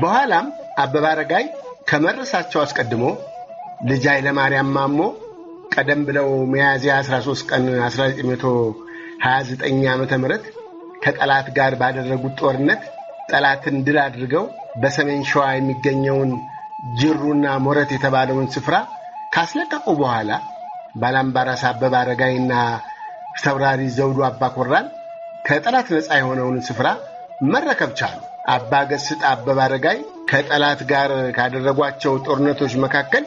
በኋላም አበበ አረጋይ ከመድረሳቸው አስቀድሞ ልጅ ኃይለማርያም ማሞ ቀደም ብለው ሚያዝያ 13 ቀን 1929 ዓ ም ከጠላት ጋር ባደረጉት ጦርነት ጠላትን ድል አድርገው በሰሜን ሸዋ የሚገኘውን ጅሩና ሞረት የተባለውን ስፍራ ካስለቀቁ በኋላ ባላምባራስ አበበ አረጋይና ሰብራሪ ዘውዱ አባኮራን ከጠላት ነፃ የሆነውን ስፍራ መረከብ ቻሉ። አባገስጥ አበበ አረጋይ ከጠላት ጋር ካደረጓቸው ጦርነቶች መካከል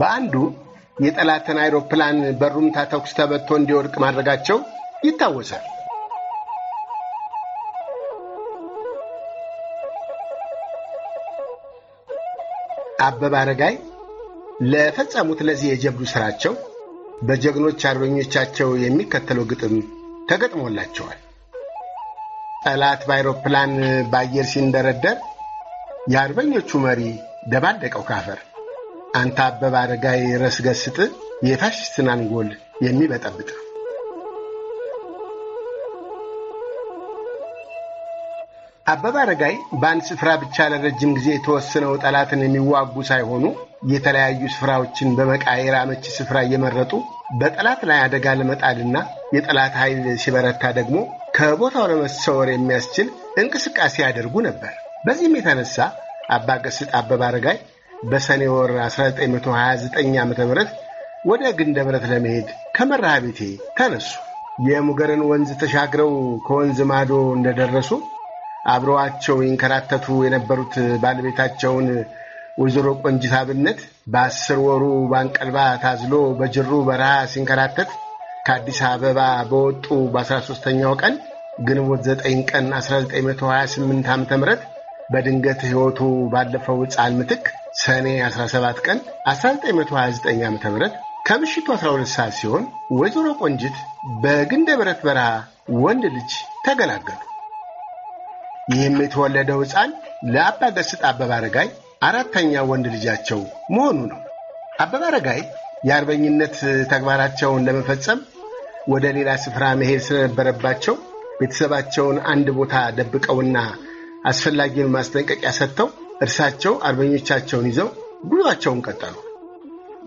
በአንዱ የጠላትን አይሮፕላን በሩምታ ተኩስ ተበቶ እንዲወድቅ ማድረጋቸው ይታወሳል። አበበ አረጋይ ለፈጸሙት ለዚህ የጀብዱ ስራቸው በጀግኖች አርበኞቻቸው የሚከተለው ግጥም ተገጥሞላቸዋል። ጠላት በአይሮፕላን በአየር ሲንደረደር የአርበኞቹ መሪ ደባደቀው ካፈር። አንተ አበበ አረጋይ ረስገስጥ የፋሽስትን አንጎል የሚበጠብጥ አበበ አረጋይ በአንድ ስፍራ ብቻ ለረጅም ጊዜ የተወሰነው ጠላትን የሚዋጉ ሳይሆኑ የተለያዩ ስፍራዎችን በመቃየር አመቺ ስፍራ እየመረጡ በጠላት ላይ አደጋ ለመጣልና የጠላት ኃይል ሲበረታ ደግሞ ከቦታው ለመሰወር የሚያስችል እንቅስቃሴ ያደርጉ ነበር። በዚህም የተነሳ አባ ገስጥ አበበ አረጋይ በሰኔ ወር 1929 ዓ ም ወደ ግንደበረት ለመሄድ ከመርሃ ቤቴ ተነሱ። የሙገርን ወንዝ ተሻግረው ከወንዝ ማዶ እንደደረሱ አብረዋቸው ይንከራተቱ የነበሩት ባለቤታቸውን ወይዘሮ ቆንጂት አብነት በአስር ወሩ ባንቀልባ ታዝሎ በጅሩ በረሃ ሲንከራተት ከአዲስ አበባ በወጡ በአስራ ሦስተኛው ቀን ግንቦት 9 ቀን 1928 ዓ ም በድንገት ሕይወቱ ባለፈው ሕፃን ምትክ ሰኔ 17 ቀን 1929 ዓ ም ከምሽቱ 12 ሰዓት ሲሆን ወይዘሮ ቆንጅት በግንደ በረት በረሃ ወንድ ልጅ ተገላገሉ። ይህም የተወለደው ሕፃን ለአባ ገስጥ አበበ አራተኛ ወንድ ልጃቸው መሆኑ ነው። አበባረጋይ የአርበኝነት ተግባራቸውን ለመፈጸም ወደ ሌላ ስፍራ መሄድ ስለነበረባቸው ቤተሰባቸውን አንድ ቦታ ደብቀውና አስፈላጊውን ማስጠንቀቂያ ሰጥተው እርሳቸው አርበኞቻቸውን ይዘው ጉዟቸውን ቀጠሉ።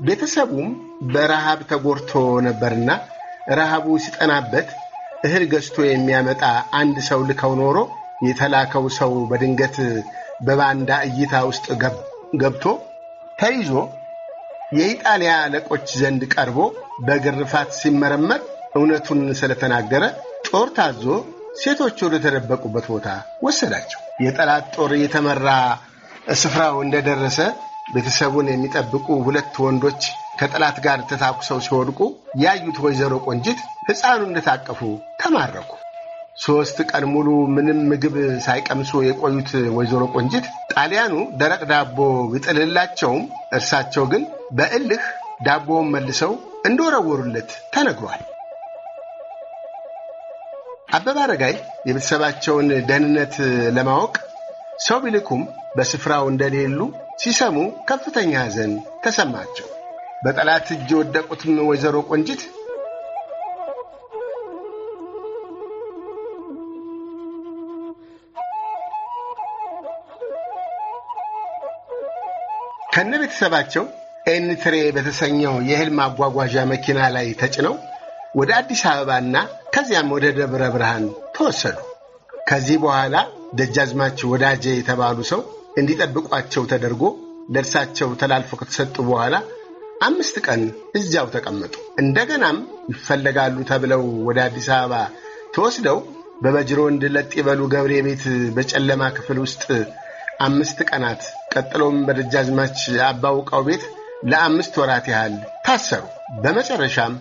ቤተሰቡም በረሃብ ተጎድቶ ነበርና ረሃቡ ሲጠናበት እህል ገዝቶ የሚያመጣ አንድ ሰው ልከው ኖሮ የተላከው ሰው በድንገት በባንዳ እይታ ውስጥ ገብቶ ተይዞ የኢጣሊያ አለቆች ዘንድ ቀርቦ በግርፋት ሲመረመር እውነቱን ስለተናገረ ጦር ታዞ ሴቶቹ ወደተደበቁበት ቦታ ወሰዳቸው። የጠላት ጦር እየተመራ ስፍራው እንደደረሰ ቤተሰቡን የሚጠብቁ ሁለት ወንዶች ከጠላት ጋር ተታኩሰው ሲወድቁ ያዩት ወይዘሮ ቆንጅት ሕፃኑ እንደታቀፉ ተማረኩ። ሦስት ቀን ሙሉ ምንም ምግብ ሳይቀምሱ የቆዩት ወይዘሮ ቆንጅት ጣሊያኑ ደረቅ ዳቦ ቢጥልላቸውም እርሳቸው ግን በእልህ ዳቦውን መልሰው እንደወረወሩለት ተነግሯል። አበበ አረጋይ የቤተሰባቸውን ደህንነት ለማወቅ ሰው ቢልኩም በስፍራው እንደሌሉ ሲሰሙ ከፍተኛ ሐዘን ተሰማቸው። በጠላት እጅ የወደቁትም ወይዘሮ ቆንጂት ከነ ቤተሰባቸው ኤንትሬ በተሰኘው የእህል ማጓጓዣ መኪና ላይ ተጭነው ወደ አዲስ አበባና ከዚያም ወደ ደብረ ብርሃን ተወሰዱ። ከዚህ በኋላ ደጃዝማች ወዳጄ የተባሉ ሰው እንዲጠብቋቸው ተደርጎ ለእርሳቸው ተላልፎ ከተሰጡ በኋላ አምስት ቀን እዚያው ተቀመጡ። እንደገናም ይፈለጋሉ ተብለው ወደ አዲስ አበባ ተወስደው በበጅሮ እንድለጥ ይበሉ ገብሬ ቤት በጨለማ ክፍል ውስጥ አምስት ቀናት ቀጥሎም በደጃዝማች አባውቃው ቤት ለአምስት ወራት ያህል ታሰሩ። በመጨረሻም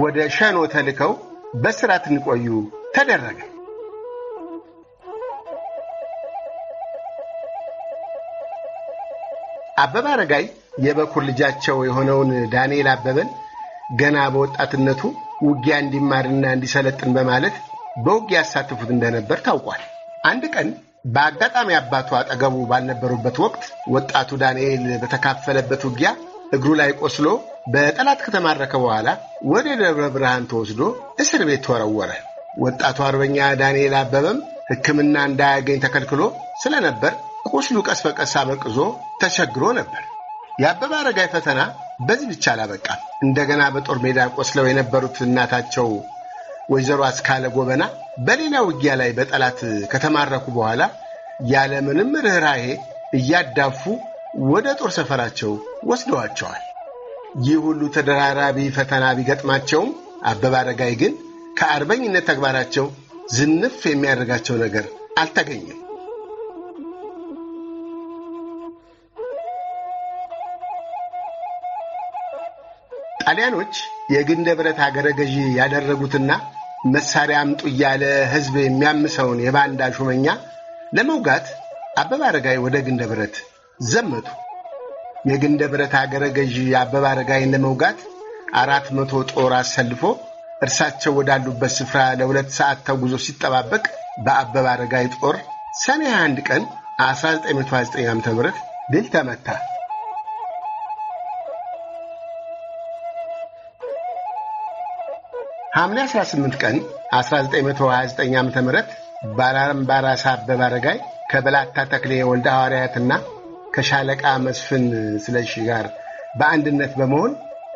ወደ ሸኖ ተልከው በስራት እንቆዩ ተደረገ። አበበ አረጋይ የበኩር ልጃቸው የሆነውን ዳንኤል አበበን ገና በወጣትነቱ ውጊያ እንዲማርና እንዲሰለጥን በማለት በውጊያ ያሳትፉት እንደነበር ታውቋል። አንድ ቀን በአጋጣሚ አባቱ አጠገቡ ባልነበሩበት ወቅት ወጣቱ ዳንኤል በተካፈለበት ውጊያ እግሩ ላይ ቆስሎ በጠላት ከተማረከ በኋላ ወደ ደብረ ብርሃን ተወስዶ እስር ቤት ተወረወረ። ወጣቱ አርበኛ ዳንኤል አበበም ሕክምና እንዳያገኝ ተከልክሎ ስለነበር ቁስሉ ቀስ በቀስ አበቅዞ ተቸግሮ ነበር። የአበበ አረጋይ ፈተና በዚህ ብቻ አላበቃም። እንደገና በጦር ሜዳ ቆስለው የነበሩት እናታቸው ወይዘሮ አስካለ ጎበና በሌላ ውጊያ ላይ በጠላት ከተማረኩ በኋላ ያለምንም ርኅራሄ እያዳፉ ወደ ጦር ሰፈራቸው ወስደዋቸዋል። ይህ ሁሉ ተደራራቢ ፈተና ቢገጥማቸውም አበበ አረጋይ ግን ከአርበኝነት ተግባራቸው ዝንፍ የሚያደርጋቸው ነገር አልተገኘም። ጣሊያኖች የግንደ ብረት አገረ ገዢ ያደረጉትና መሳሪያ አምጡ እያለ ሕዝብ የሚያምሰውን የባንዳ ሹመኛ ለመውጋት አበበ አረጋይ ወደ ግንደ ብረት ዘመቱ። የግንደ ብረት አገረ ገዢ አበባ አረጋይን ለመውጋት አራት መቶ ጦር አሰልፎ እርሳቸው ወዳሉበት ስፍራ ለሁለት ሰዓት ተጉዞ ሲጠባበቅ በአበባ አረጋይ ጦር ሰኔ 21 ቀን 1929 ዓ ም ድል ተመታ። ሐምሌ 18 ቀን 1929 ዓ ም ባላምባራስ አበባ አረጋይ ከበላታ ተክሌ ወልደ ሐዋርያትና ከሻለቃ መስፍን ስለሺ ጋር በአንድነት በመሆን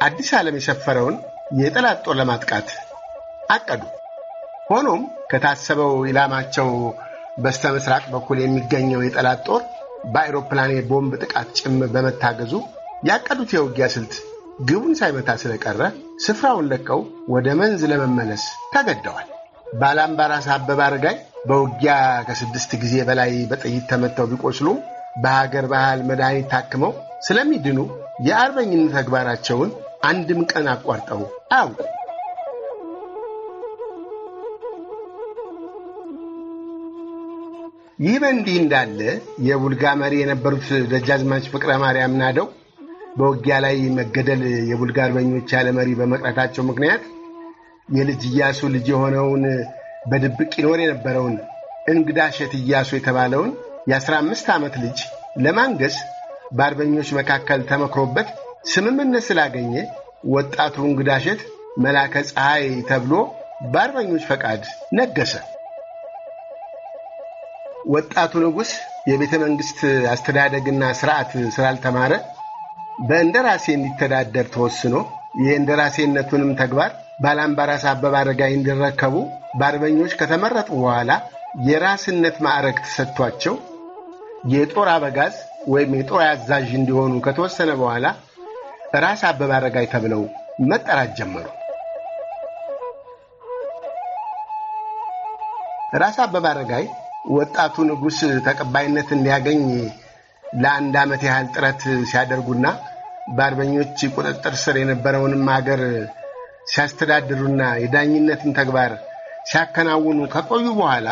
አዲስ ዓለም የሰፈረውን የጠላት ጦር ለማጥቃት አቀዱ። ሆኖም ከታሰበው ኢላማቸው በስተ ምስራቅ በኩል የሚገኘው የጠላት ጦር በአይሮፕላን የቦምብ ጥቃት ጭምር በመታገዙ ያቀዱት የውጊያ ስልት ግቡን ሳይመታ ስለቀረ ስፍራውን ለቀው ወደ መንዝ ለመመለስ ተገደዋል። ባላምባራስ አበበ አረጋይ በውጊያ ከስድስት ጊዜ በላይ በጥይት ተመተው ቢቆስሉም በሀገር ባህል መድኃኒት ታክመው ስለሚድኑ የአርበኝነት ተግባራቸውን አንድም ቀን አቋርጠው አያውቁ። ይህ በእንዲህ እንዳለ የቡልጋ መሪ የነበሩት ደጃዝማች ፍቅረ ማርያም ናደው በውጊያ ላይ መገደል የቡልጋ አርበኞች ያለ መሪ በመቅረታቸው ምክንያት የልጅ እያሱ ልጅ የሆነውን በድብቅ ይኖር የነበረውን እንግዳ እሸት እያሱ የተባለውን የአስራ አምስት ዓመት ልጅ ለማንገስ በአርበኞች መካከል ተመክሮበት ስምምነት ስላገኘ ወጣቱ እንግዳሸት መላከ ፀሐይ ተብሎ በአርበኞች ፈቃድ ነገሰ። ወጣቱ ንጉሥ የቤተ መንግሥት አስተዳደግና ሥርዓት ስላልተማረ በእንደራሴ እንዲተዳደር ተወስኖ የእንደራሴነቱንም ተግባር ባላምባራስ አበበ አረጋይ እንዲረከቡ በአርበኞች ከተመረጡ በኋላ የራስነት ማዕረግ ተሰጥቷቸው የጦር አበጋዝ ወይም የጦር አዛዥ እንዲሆኑ ከተወሰነ በኋላ ራስ አበበ አረጋይ ተብለው መጠራት ጀመሩ። ራስ አበበ አረጋይ ወጣቱ ንጉሥ ተቀባይነት እንዲያገኝ ለአንድ ዓመት ያህል ጥረት ሲያደርጉና በአርበኞች ቁጥጥር ስር የነበረውንም አገር ሲያስተዳድሩና የዳኝነትን ተግባር ሲያከናውኑ ከቆዩ በኋላ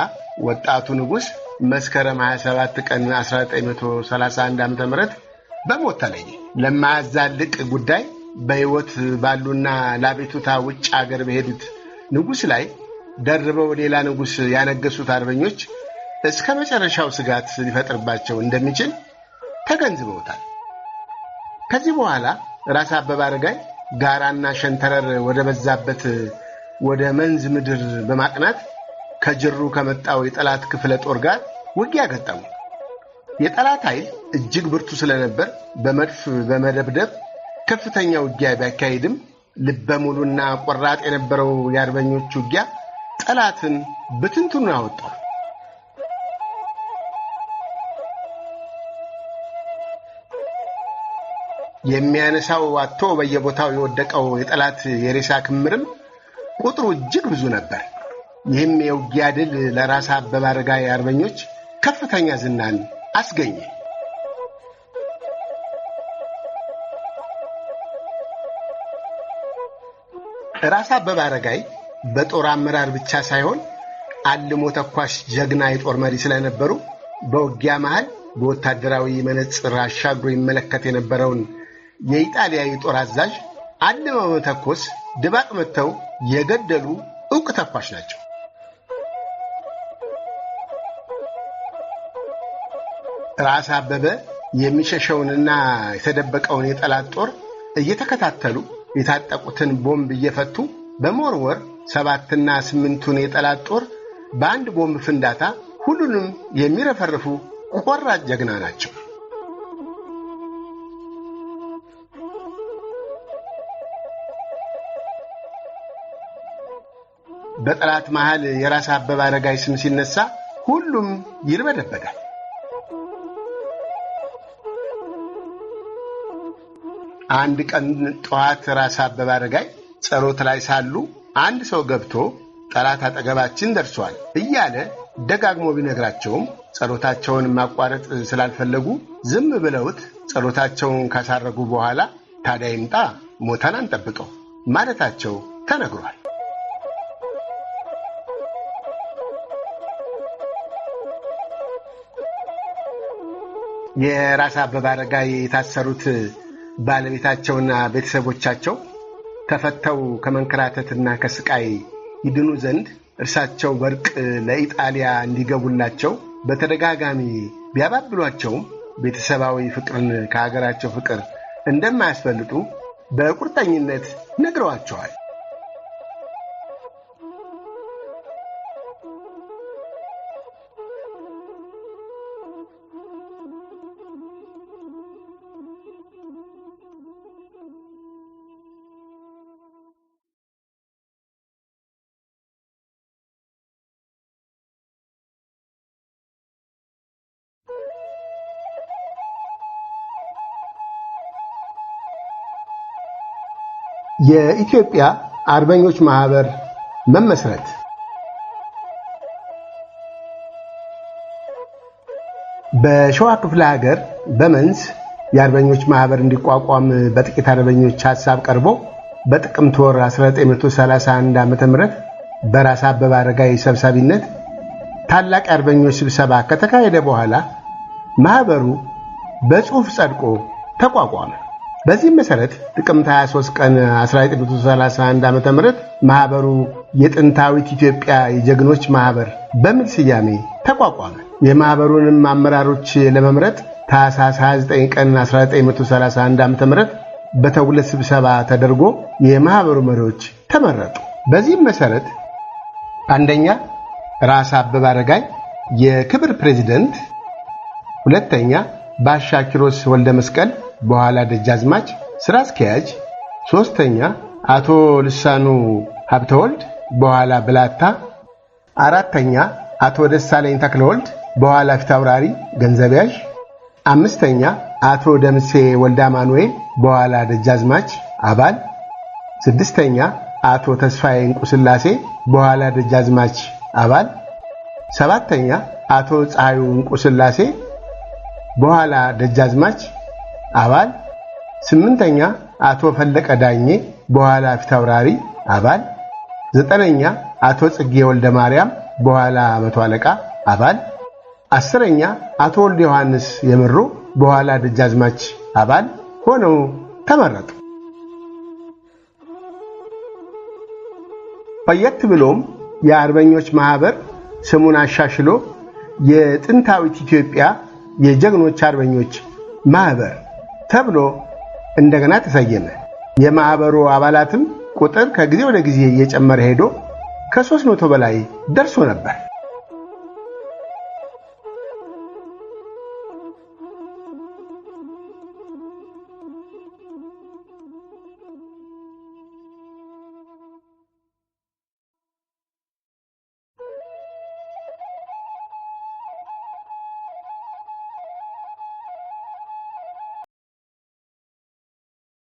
ወጣቱ ንጉሥ መስከረም 27 ቀን 1931 ዓ ም በሞት ተለየ። ለማያዛልቅ ጉዳይ በሕይወት ባሉና ለአቤቱታ ውጭ አገር በሄዱት ንጉሥ ላይ ደርበው ሌላ ንጉሥ ያነገሱት አርበኞች እስከ መጨረሻው ስጋት ሊፈጥርባቸው እንደሚችል ተገንዝበውታል። ከዚህ በኋላ ራስ አበበ አረጋይ ጋራና ሸንተረር ወደ በዛበት ወደ መንዝ ምድር በማቅናት ከጅሩ ከመጣው የጠላት ክፍለ ጦር ጋር ውጊያ ገጠሙ። የጠላት ኃይል እጅግ ብርቱ ስለነበር በመድፍ በመደብደብ ከፍተኛ ውጊያ ቢያካሄድም ልበ ሙሉና ቆራጥ የነበረው የአርበኞች ውጊያ ጠላትን ብትንትኑ አወጣው። የሚያነሳው አቶ በየቦታው የወደቀው የጠላት የሬሳ ክምርም ቁጥሩ እጅግ ብዙ ነበር። ይህም የውጊያ ድል ለራስ አበበ አረጋይ አርበኞች ከፍተኛ ዝናን አስገኘ። ራስ አበበ አረጋይ በጦር አመራር ብቻ ሳይሆን አልሞ ተኳሽ ጀግና የጦር መሪ ስለነበሩ በውጊያ መሃል በወታደራዊ መነጽር አሻግሮ ይመለከት የነበረውን የኢጣሊያ የጦር አዛዥ አልመው መተኮስ ድባቅ መጥተው የገደሉ ዕውቅ ተኳሽ ናቸው። ራስ አበበ የሚሸሸውንና የተደበቀውን የጠላት ጦር እየተከታተሉ የታጠቁትን ቦምብ እየፈቱ በመወርወር ሰባትና ስምንቱን የጠላት ጦር በአንድ ቦምብ ፍንዳታ ሁሉንም የሚረፈርፉ ቆራጥ ጀግና ናቸው። በጠላት መሃል የራስ አበበ አረጋይ ስም ሲነሳ ሁሉም ይርበደበዳል። አንድ ቀን ጠዋት ራስ አበበ አረጋይ ጸሎት ላይ ሳሉ አንድ ሰው ገብቶ ጠላት አጠገባችን ደርሷል እያለ ደጋግሞ ቢነግራቸውም ጸሎታቸውን ማቋረጥ ስላልፈለጉ ዝም ብለውት ጸሎታቸውን ካሳረጉ በኋላ ታዲያ ይምጣ ሞተን አንጠብቀው ማለታቸው ተነግሯል። የራስ አበበ አረጋይ የታሰሩት ባለቤታቸውና ቤተሰቦቻቸው ተፈተው ከመንከራተትና ከስቃይ ይድኑ ዘንድ እርሳቸው ወርቅ ለኢጣሊያ እንዲገቡላቸው በተደጋጋሚ ቢያባብሏቸውም ቤተሰባዊ ፍቅርን ከሀገራቸው ፍቅር እንደማያስፈልጡ በቁርጠኝነት ነግረዋቸዋል። የኢትዮጵያ አርበኞች ማህበር መመስረት በሸዋ ክፍለ ሀገር በመንዝ የአርበኞች ማህበር እንዲቋቋም በጥቂት አርበኞች ሐሳብ ቀርቦ በጥቅምት ወር 1931 ዓ ም በራስ አበበ አረጋይ ሰብሳቢነት ታላቅ የአርበኞች ስብሰባ ከተካሄደ በኋላ ማኅበሩ በጽሑፍ ጸድቆ ተቋቋመ። በዚህም መሰረት ጥቅምት 23 ቀን 1931 ዓ ም ማህበሩ የጥንታዊት ኢትዮጵያ የጀግኖች ማህበር በሚል ስያሜ ተቋቋመ። የማህበሩንም አመራሮች ለመምረጥ ታኅሳስ 29 ቀን 1931 ዓ ም በተውለት ስብሰባ ተደርጎ የማህበሩ መሪዎች ተመረጡ። በዚህም መሰረት አንደኛ ራስ አበበ አረጋይ የክብር ፕሬዚደንት፣ ሁለተኛ ባሻኪሮስ ወልደ መስቀል በኋላ ደጃዝማች ስራ አስኪያጅ፣ ሦስተኛ አቶ ልሳኑ ሀብተወልድ በኋላ ብላታ፣ አራተኛ አቶ ደሳለኝ ተክለወልድ በኋላ አውራሪ ገንዘብ ያዥ፣ አምስተኛ አቶ ደምሴ ወልዳ ማኑኤል በኋላ ደጃዝማች አባል፣ ስድስተኛ አቶ ተስፋዬ እንቁስላሴ በኋላ ደጃዝማች አባል፣ ሰባተኛ አቶ ፀሐዩ እንቁስላሴ በኋላ ደጃዝማች አባል፣ ስምንተኛ አቶ ፈለቀ ዳኜ በኋላ ፊታውራሪ አባል፣ ዘጠነኛ አቶ ጽጌ ወልደ ማርያም በኋላ መቶ አለቃ አባል፣ አስረኛ አቶ ወልደ ዮሐንስ የምሩ በኋላ ደጃዝማች አባል ሆነው ተመረጡ። ቆየት ብሎም የአርበኞች ማህበር ስሙን አሻሽሎ የጥንታዊት ኢትዮጵያ የጀግኖች አርበኞች ማህበር። ተብሎ እንደገና ተሰየመ። የማኅበሩ አባላትም ቁጥር ከጊዜ ወደ ጊዜ እየጨመረ ሄዶ ከሦስት መቶ በላይ ደርሶ ነበር።